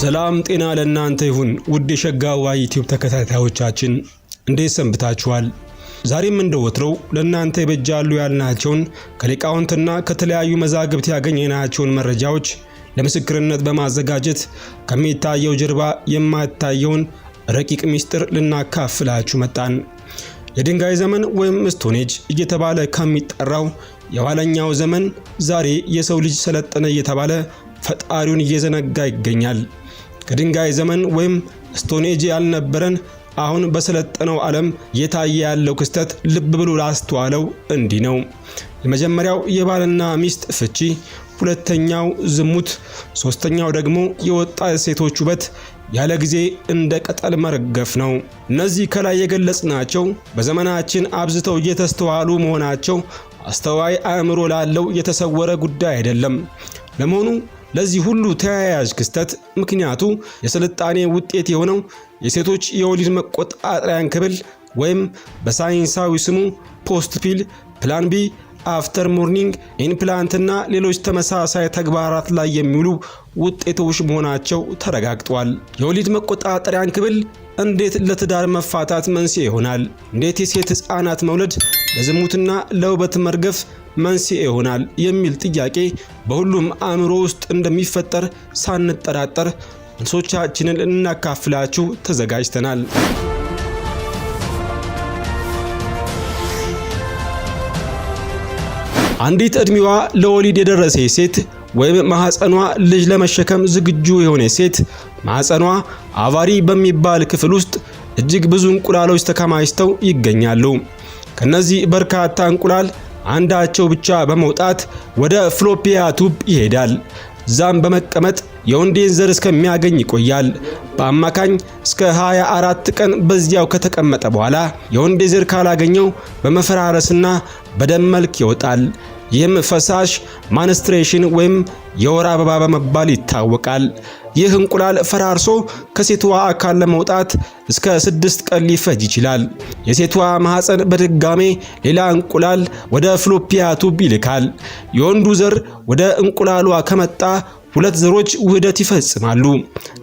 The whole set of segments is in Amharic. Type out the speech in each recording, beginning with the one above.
ሰላም ጤና ለእናንተ ይሁን ውድ የሸጋዋ ዩቲዩብ ተከታታዮቻችን እንዴት ሰንብታችኋል? ዛሬም እንደወትረው ለእናንተ ይበጃሉ ያልናቸውን ከሊቃውንትና ከተለያዩ መዛግብት ያገኘናቸውን መረጃዎች ለምስክርነት በማዘጋጀት ከሚታየው ጀርባ የማይታየውን ረቂቅ ምስጢር ልናካፍላችሁ መጣን። የድንጋይ ዘመን ወይም ስቶኔጅ እየተባለ ከሚጠራው የኋለኛው ዘመን ዛሬ የሰው ልጅ ሰለጠነ እየተባለ ፈጣሪውን እየዘነጋ ይገኛል። ከድንጋይ ዘመን ወይም ስቶኔጅ ያልነበረን አሁን በሰለጠነው ዓለም እየታየ ያለው ክስተት ልብ ብሎ ላስተዋለው እንዲህ ነው። የመጀመሪያው የባልና ሚስት ፍቺ፣ ሁለተኛው ዝሙት፣ ሶስተኛው ደግሞ የወጣት ሴቶች ውበት ያለ ጊዜ እንደ ቅጠል መርገፍ ነው። እነዚህ ከላይ የገለጽናቸው በዘመናችን አብዝተው እየተስተዋሉ መሆናቸው አስተዋይ አእምሮ ላለው የተሰወረ ጉዳይ አይደለም። ለመሆኑ ለዚህ ሁሉ ተያያዥ ክስተት ምክንያቱ የስልጣኔ ውጤት የሆነው የሴቶች የወሊድ መቆጣጠሪያን ክብል ወይም በሳይንሳዊ ስሙ ፖስት ፒል፣ ፕላን ቢ፣ አፍተር ሞርኒንግ ኢምፕላንትና ሌሎች ተመሳሳይ ተግባራት ላይ የሚውሉ ውጤቶች መሆናቸው ተረጋግጧል። የወሊድ መቆጣጠሪያን ክብል እንዴት ለትዳር መፋታት መንስኤ ይሆናል? እንዴት የሴት ሕፃናት መውለድ ለዝሙትና ለውበት መርገፍ መንስኤ ይሆናል የሚል ጥያቄ በሁሉም አእምሮ ውስጥ እንደሚፈጠር ሳንጠራጠር መልሶቻችንን እናካፍላችሁ ተዘጋጅተናል። አንዲት ዕድሜዋ ለወሊድ የደረሰ ሴት ወይም ማህፀኗ ልጅ ለመሸከም ዝግጁ የሆነ ሴት ማህፀኗ አቫሪ በሚባል ክፍል ውስጥ እጅግ ብዙ እንቁላሎች ተከማችተው ይገኛሉ። ከነዚህ በርካታ እንቁላል አንዳቸው ብቻ በመውጣት ወደ ፍሎፒያ ቱብ ይሄዳል። እዛም በመቀመጥ የወንዴን ዘር እስከሚያገኝ ይቆያል። በአማካኝ እስከ 24 ቀን በዚያው ከተቀመጠ በኋላ የወንዴ ዘር ካላገኘው በመፈራረስና በደም መልክ ይወጣል። ይህም ፈሳሽ ማንስትሬሽን ወይም የወር አበባ በመባል ይታወቃል። ይህ እንቁላል ፈራርሶ ከሴትዋ አካል ለመውጣት እስከ ስድስት ቀን ሊፈጅ ይችላል። የሴቷ ማህፀን በድጋሜ ሌላ እንቁላል ወደ ፍሎፒያ ቱብ ይልካል። የወንዱ ዘር ወደ እንቁላሏ ከመጣ ሁለት ዘሮች ውህደት ይፈጽማሉ።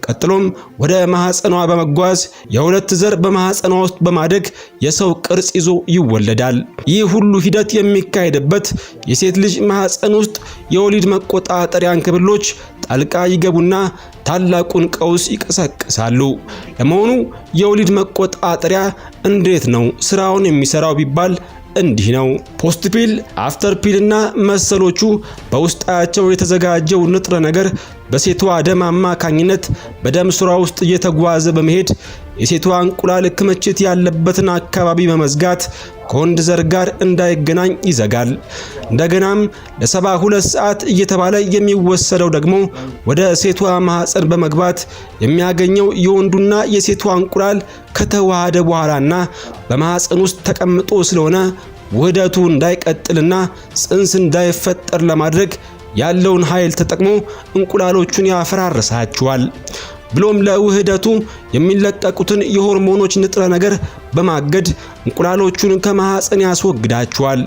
ቀጥሎም ወደ ማህፀኗ በመጓዝ የሁለት ዘር በማህፀኗ ውስጥ በማደግ የሰው ቅርጽ ይዞ ይወለዳል። ይህ ሁሉ ሂደት የሚካሄድበት የሴት ልጅ ማህፀን ውስጥ የወሊድ መቆጣጠሪያ እንክብሎች ጣልቃ ይገቡና ታላቁን ቀውስ ይቀሰቅሳሉ። ለመሆኑ የወሊድ መቆጣጠሪያ እንዴት ነው ስራውን የሚሰራው ቢባል እንዲህ ነው። ፖስት ፒል፣ አፍተር ፒል እና መሰሎቹ በውስጣቸው የተዘጋጀው ንጥረ ነገር በሴቷ ደም አማካኝነት በደም ስራ ውስጥ እየተጓዘ በመሄድ የሴቷ እንቁላል ክምችት ያለበትን አካባቢ በመዝጋት ከወንድ ዘር ጋር እንዳይገናኝ ይዘጋል። እንደገናም ለሰባ ሁለት ሰዓት እየተባለ የሚወሰደው ደግሞ ወደ ሴቷ ማህፀን በመግባት የሚያገኘው የወንዱና የሴቷ እንቁላል ከተዋሃደ በኋላና በማህፀን ውስጥ ተቀምጦ ስለሆነ ውህደቱ እንዳይቀጥልና ጽንስ እንዳይፈጠር ለማድረግ ያለውን ኃይል ተጠቅሞ እንቁላሎቹን ያፈራርሳቸዋል። ብሎም ለውህደቱ የሚለቀቁትን የሆርሞኖች ንጥረ ነገር በማገድ እንቁላሎቹን ከማህፀን ያስወግዳቸዋል።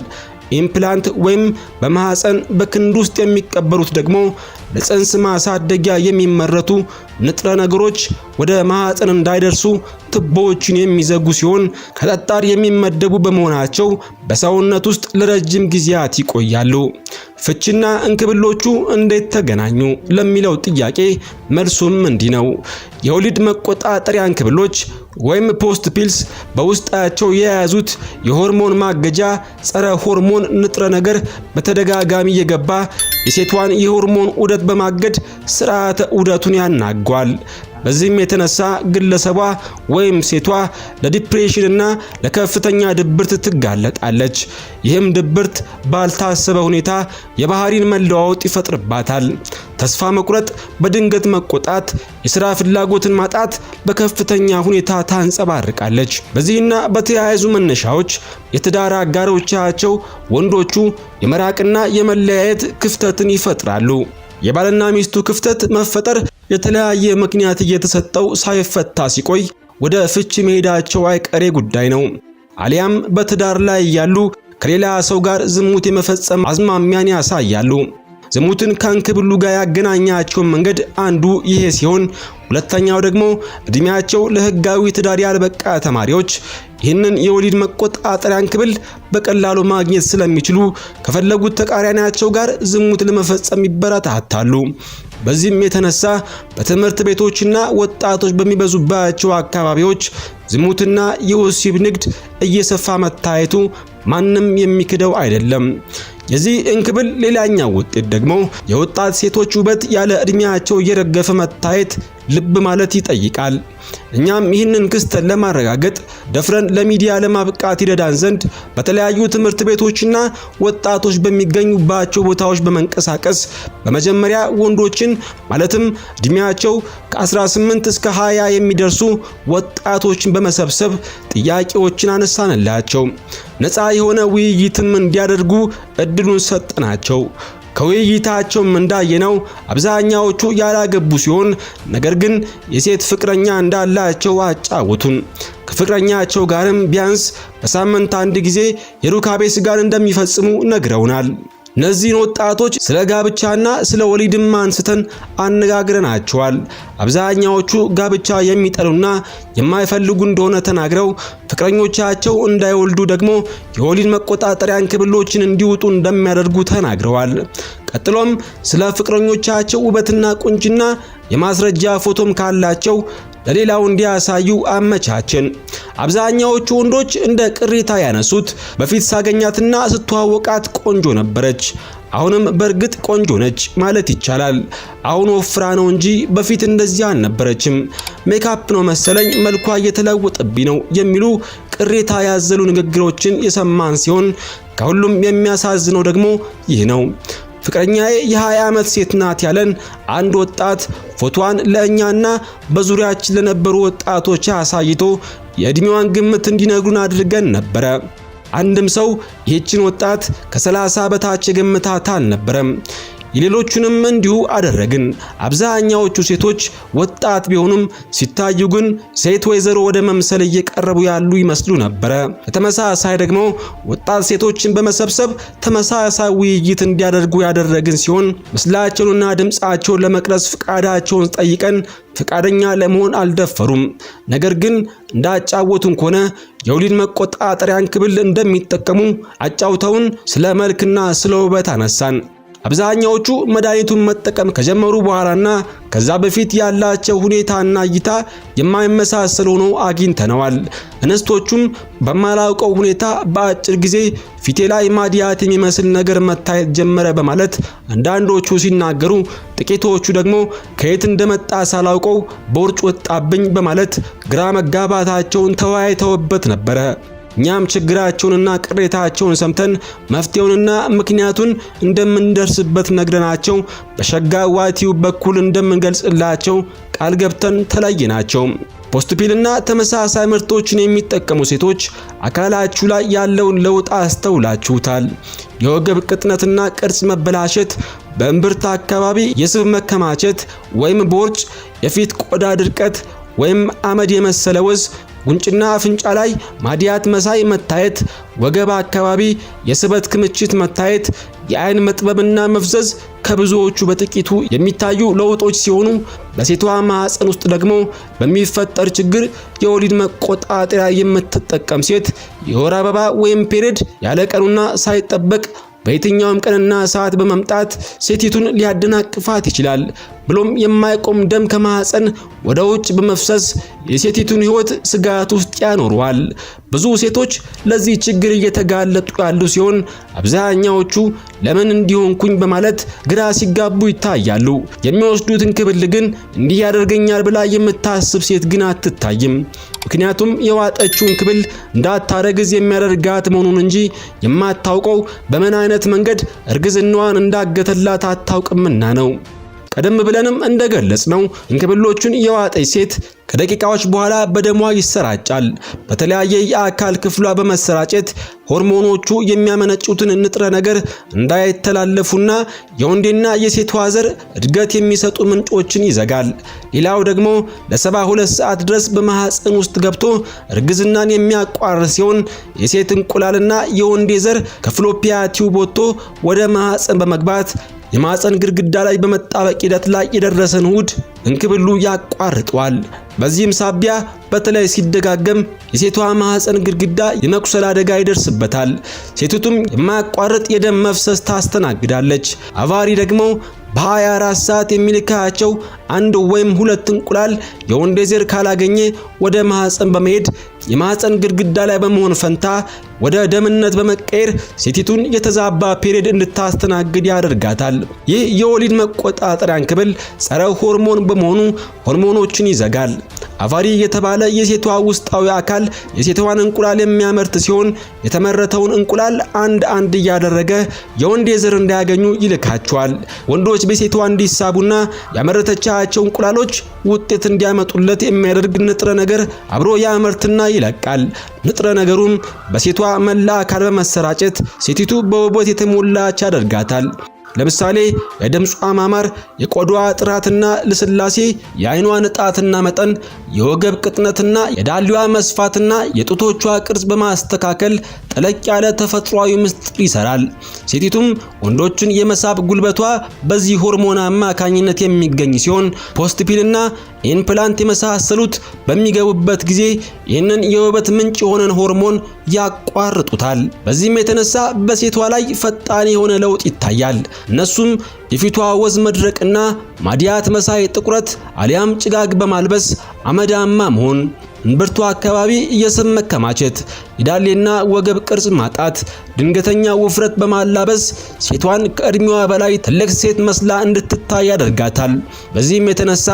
ኢምፕላንት ወይም በማህፀን በክንድ ውስጥ የሚቀበሩት ደግሞ ለጽንስ ማሳደጊያ የሚመረቱ ንጥረ ነገሮች ወደ ማህፀን እንዳይደርሱ ትቦዎችን የሚዘጉ ሲሆን ከጠጣር የሚመደቡ በመሆናቸው በሰውነት ውስጥ ለረጅም ጊዜያት ይቆያሉ። ፍቺና እንክብሎቹ እንዴት ተገናኙ ለሚለው ጥያቄ መልሱም እንዲህ ነው። የወሊድ መቆጣጠሪያ እንክብሎች ወይም ፖስት ፒልስ በውስጣቸው የያዙት የሆርሞን ማገጃ ጸረ ሆርሞን ንጥረ ነገር በተደጋጋሚ የገባ የሴቷን የሆርሞን ዑደት በማገድ ስርዓተ ዑደቱን ያናጓል። በዚህም የተነሳ ግለሰቧ ወይም ሴቷ ለዲፕሬሽንና ለከፍተኛ ድብርት ትጋለጣለች። ይህም ድብርት ባልታሰበ ሁኔታ የባህሪን መለዋወጥ ይፈጥርባታል። ተስፋ መቁረጥ፣ በድንገት መቆጣት፣ የሥራ ፍላጎትን ማጣት በከፍተኛ ሁኔታ ታንጸባርቃለች። በዚህና በተያያዙ መነሻዎች የትዳር አጋሮቻቸው ወንዶቹ የመራቅና የመለያየት ክፍተትን ይፈጥራሉ። የባልና ሚስቱ ክፍተት መፈጠር የተለያየ ምክንያት እየተሰጠው ሳይፈታ ሲቆይ ወደ ፍች መሄዳቸው አይቀሬ ጉዳይ ነው። አሊያም በትዳር ላይ ያሉ ከሌላ ሰው ጋር ዝሙት የመፈጸም አዝማሚያን ያሳያሉ። ዝሙትን ከእንክብሉ ጋር ያገናኛቸው መንገድ አንዱ ይሄ ሲሆን፣ ሁለተኛው ደግሞ እድሜያቸው ለህጋዊ ትዳር ያልበቃ ተማሪዎች ይህንን የወሊድ መቆጣጠሪያ እንክብል በቀላሉ ማግኘት ስለሚችሉ ከፈለጉት ተቃራኒያቸው ጋር ዝሙት ለመፈጸም ይበረታታሉ። በዚህም የተነሳ በትምህርት ቤቶችና ወጣቶች በሚበዙባቸው አካባቢዎች ዝሙትና የወሲብ ንግድ እየሰፋ መታየቱ ማንም የሚክደው አይደለም። የዚህ እንክብል ሌላኛው ውጤት ደግሞ የወጣት ሴቶች ውበት ያለ እድሜያቸው እየረገፈ መታየት ልብ ማለት ይጠይቃል። እኛም ይህንን ክስተት ለማረጋገጥ ደፍረን ለሚዲያ ለማብቃት ይረዳን ዘንድ በተለያዩ ትምህርት ቤቶችና ወጣቶች በሚገኙባቸው ቦታዎች በመንቀሳቀስ በመጀመሪያ ወንዶችን ማለትም እድሜያቸው ከ18 እስከ 20 የሚደርሱ ወጣቶችን በመሰብሰብ ጥያቄዎችን አነሳንላቸው። ነፃ የሆነ ውይይትም እንዲያደርጉ እድሉን ሰጠናቸው። ከውይይታቸውም እንዳየነው አብዛኛዎቹ ያላገቡ ሲሆን ነገር ግን የሴት ፍቅረኛ እንዳላቸው አጫወቱን። ከፍቅረኛቸው ጋርም ቢያንስ በሳምንት አንድ ጊዜ የሩካቤ ስጋን እንደሚፈጽሙ ነግረውናል። እነዚህን ወጣቶች ስለ ጋብቻና ስለ ወሊድም አንስተን አነጋግረናቸዋል። አብዛኛዎቹ ጋብቻ የሚጠሉና የማይፈልጉ እንደሆነ ተናግረው ፍቅረኞቻቸው እንዳይወልዱ ደግሞ የወሊድ መቆጣጠሪያ እንክብሎችን እንዲውጡ እንደሚያደርጉ ተናግረዋል። ቀጥሎም ስለ ፍቅረኞቻቸው ውበትና ቁንጅና የማስረጃ ፎቶም ካላቸው ለሌላው እንዲያሳዩ አመቻችን። አብዛኛዎቹ ወንዶች እንደ ቅሬታ ያነሱት በፊት ሳገኛትና ስትዋወቃት ቆንጆ ነበረች፣ አሁንም በእርግጥ ቆንጆ ነች ማለት ይቻላል። አሁን ወፍራ ነው እንጂ በፊት እንደዚህ አልነበረችም፣ ሜካፕ ነው መሰለኝ መልኳ እየተለወጠብኝ ነው የሚሉ ቅሬታ ያዘሉ ንግግሮችን የሰማን ሲሆን ከሁሉም የሚያሳዝነው ደግሞ ይህ ነው። ፍቅረኛዬ የ20 ዓመት ሴት ናት ያለን አንድ ወጣት ፎቶዋን ለእኛና በዙሪያችን ለነበሩ ወጣቶች አሳይቶ የዕድሜዋን ግምት እንዲነግሩን አድርገን ነበረ። አንድም ሰው ይህችን ወጣት ከ30 በታች የገምታት አልነበረም። የሌሎቹንም እንዲሁ አደረግን። አብዛኛዎቹ ሴቶች ወጣት ቢሆኑም ሲታዩ ግን ሴት ወይዘሮ ወደ መምሰል እየቀረቡ ያሉ ይመስሉ ነበረ። በተመሳሳይ ደግሞ ወጣት ሴቶችን በመሰብሰብ ተመሳሳይ ውይይት እንዲያደርጉ ያደረግን ሲሆን ምስላቸውንና ድምፃቸውን ለመቅረጽ ፍቃዳቸውን ጠይቀን ፍቃደኛ ለመሆን አልደፈሩም። ነገር ግን እንዳጫወቱን ከሆነ የውሊድ መቆጣጠሪያን ክብል እንደሚጠቀሙ አጫውተውን ስለ መልክና ስለ ውበት አነሳን። አብዛኛዎቹ መድኃኒቱን መጠቀም ከጀመሩ በኋላና ከዛ በፊት ያላቸው ሁኔታና እይታ የማይመሳሰል ሆኖ አግኝተነዋል። እንስቶቹም በማላውቀው ሁኔታ በአጭር ጊዜ ፊቴ ላይ ማዲያት የሚመስል ነገር መታየት ጀመረ በማለት አንዳንዶቹ ሲናገሩ፣ ጥቂቶቹ ደግሞ ከየት እንደመጣ ሳላውቀው ቦርጭ ወጣብኝ በማለት ግራ መጋባታቸውን ተወያይተውበት ነበረ። እኛም ችግራቸውንና ቅሬታቸውን ሰምተን መፍትሄውንና ምክንያቱን እንደምንደርስበት ነግረናቸው በሸጋ ዋቲው በኩል እንደምንገልጽላቸው ቃል ገብተን ናቸው። ፖስትፒልና ተመሳሳይ ምርቶችን የሚጠቀሙ ሴቶች አካላችሁ ላይ ያለውን ለውጥ አስተውላችሁታል። የወገብ ቅጥነትና ቅርጽ መበላሸት፣ በእምብርት አካባቢ የስብ መከማቸት ወይም ቦርጭ፣ የፊት ቆዳ ድርቀት ወይም አመድ የመሰለ ወዝ ጉንጭና አፍንጫ ላይ ማዲያት መሳይ መታየት፣ ወገብ አካባቢ የስበት ክምችት መታየት፣ የአይን መጥበብና መፍዘዝ ከብዙዎቹ በጥቂቱ የሚታዩ ለውጦች ሲሆኑ በሴቷ ማህፀን ውስጥ ደግሞ በሚፈጠር ችግር የወሊድ መቆጣጠሪያ የምትጠቀም ሴት የወር አበባ ወይም ፔሬድ ያለ ቀኑና ሳይጠበቅ በየትኛውም ቀንና ሰዓት በመምጣት ሴቲቱን ሊያደናቅፋት ይችላል። ብሎም የማይቆም ደም ከማህፀን ወደ ውጭ በመፍሰስ የሴቲቱን ህይወት ስጋት ውስጥ ያኖረዋል። ብዙ ሴቶች ለዚህ ችግር እየተጋለጡ ያሉ ሲሆን አብዛኛዎቹ ለምን እንዲሆንኩኝ በማለት ግራ ሲጋቡ ይታያሉ። የሚወስዱት እንክብል ግን እንዲህ ያደርገኛል ብላ የምታስብ ሴት ግን አትታይም። ምክንያቱም የዋጠችው እንክብል እንዳታረግዝ የሚያደርጋት መሆኑን እንጂ የማታውቀው በምን አይነት መንገድ እርግዝናዋን እንዳገተላት አታውቅምና ነው። ቀደም ብለንም እንደገለጽ ነው እንክብሎቹን የዋጠች ሴት ከደቂቃዎች በኋላ በደሟ ይሰራጫል። በተለያየ የአካል ክፍሏ በመሰራጨት ሆርሞኖቹ የሚያመነጩትን ንጥረ ነገር እንዳይተላለፉና የወንዴና የሴቷ ዘር እድገት የሚሰጡ ምንጮችን ይዘጋል። ሌላው ደግሞ ለ72 ሰዓት ድረስ በማህፀን ውስጥ ገብቶ እርግዝናን የሚያቋርጥ ሲሆን የሴት እንቁላልና የወንዴ ዘር ከፍሎፒያ ቲዩብ ወጥቶ ወደ ማህፀን በመግባት የማህፀን ግድግዳ ላይ በመጣበቅ ሂደት ላይ የደረሰን ውድ እንክብሉ ያቋርጠዋል። በዚህም ሳቢያ በተለይ ሲደጋገም የሴቷ ማህፀን ግድግዳ የመቁሰል አደጋ ይደርስበታል። ሴቲቱም የማያቋርጥ የደም መፍሰስ ታስተናግዳለች። አቫሪ ደግሞ በ24 ሰዓት የሚልካቸው አንድ ወይም ሁለት እንቁላል የወንዴ ዘር ካላገኘ ወደ ማህፀን በመሄድ የማህፀን ግድግዳ ላይ በመሆን ፈንታ ወደ ደምነት በመቀየር ሴቲቱን የተዛባ ፔሪድ እንድታስተናግድ ያደርጋታል። ይህ የወሊድ መቆጣጠሪያ እንክብል ጸረ ሆርሞን በመሆኑ ሆርሞኖችን ይዘጋል። አቫሪ የተባለ የሴቷ ውስጣዊ አካል የሴቷን እንቁላል የሚያመርት ሲሆን የተመረተውን እንቁላል አንድ አንድ እያደረገ የወንድ የዘር እንዳያገኙ ይልካቸዋል። ወንዶች በሴቷ እንዲሳቡና ያመረተቻቸው እንቁላሎች ውጤት እንዲያመጡለት የሚያደርግ ንጥረ ነገር አብሮ ያመርትና ይለቃል። ንጥረ ነገሩም በሴቷ መላ አካል በመሰራጨት ሴቲቱ በውበት የተሞላች ያደርጋታል። ለምሳሌ የድምጿ ማማር፣ የቆዳዋ ጥራትና ልስላሴ፣ የአይኗ ንጣትና መጠን፣ የወገብ ቅጥነትና የዳሊዋ መስፋትና የጡቶቿ ቅርጽ በማስተካከል ጠለቅ ያለ ተፈጥሯዊ ምስጢር ይሰራል። ሴቲቱም ወንዶችን የመሳብ ጉልበቷ በዚህ ሆርሞን አማካኝነት የሚገኝ ሲሆን ፖስትፒልና ኢምፕላንት የመሳሰሉት በሚገቡበት ጊዜ ይህንን የውበት ምንጭ የሆነን ሆርሞን ያቋርጡታል። በዚህም የተነሳ በሴቷ ላይ ፈጣን የሆነ ለውጥ ይታያል። እነሱም የፊቷ ወዝ መድረቅና ማዲያት መሳይ ጥቁረት አሊያም ጭጋግ በማልበስ አመዳማ መሆን፣ እንብርቷ አካባቢ የስብ መከማቸት፣ የዳሌና ወገብ ቅርጽ ማጣት፣ ድንገተኛ ውፍረት በማላበስ ሴቷን ከእድሜዋ በላይ ትልቅ ሴት መስላ እንድትታይ ያደርጋታል። በዚህም የተነሳ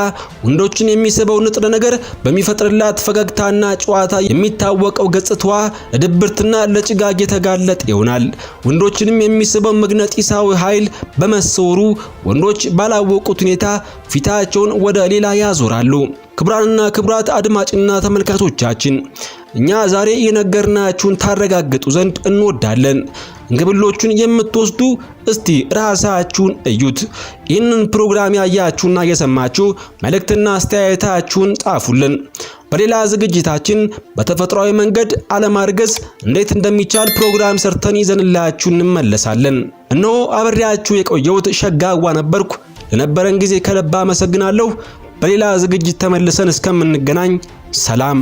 ወንዶችን የሚስበው ንጥረ ነገር በሚፈጥርላት ፈገግታና ጨዋታ የሚታወቀው ገጽታዋ ለድብርትና ለጭጋግ የተጋለጠ ይሆናል። ወንዶችንም የሚስበው መግነጢሳዊ ኃይል በመሰወሩ ወንዶች ባላወቁት ሁኔታ ፊታቸውን ወደ ሌላ ያዞራሉ። ክቡራንና ክቡራት አድማጭና ተመልካቾቻችን እኛ ዛሬ የነገርናችሁን ታረጋግጡ ዘንድ እንወዳለን። ግብሎቹን የምትወስዱ እስቲ ራሳችሁን እዩት። ይህንን ፕሮግራም ያያችሁና የሰማችሁ መልእክትና አስተያየታችሁን ጻፉልን። በሌላ ዝግጅታችን በተፈጥሯዊ መንገድ አለማርገዝ እንዴት እንደሚቻል ፕሮግራም ሰርተን ይዘንላችሁ እንመለሳለን። እነሆ አብሬያችሁ የቆየሁት ሸጋዋ ነበርኩ። ለነበረን ጊዜ ከልብ አመሰግናለሁ። በሌላ ዝግጅት ተመልሰን እስከምንገናኝ ሰላም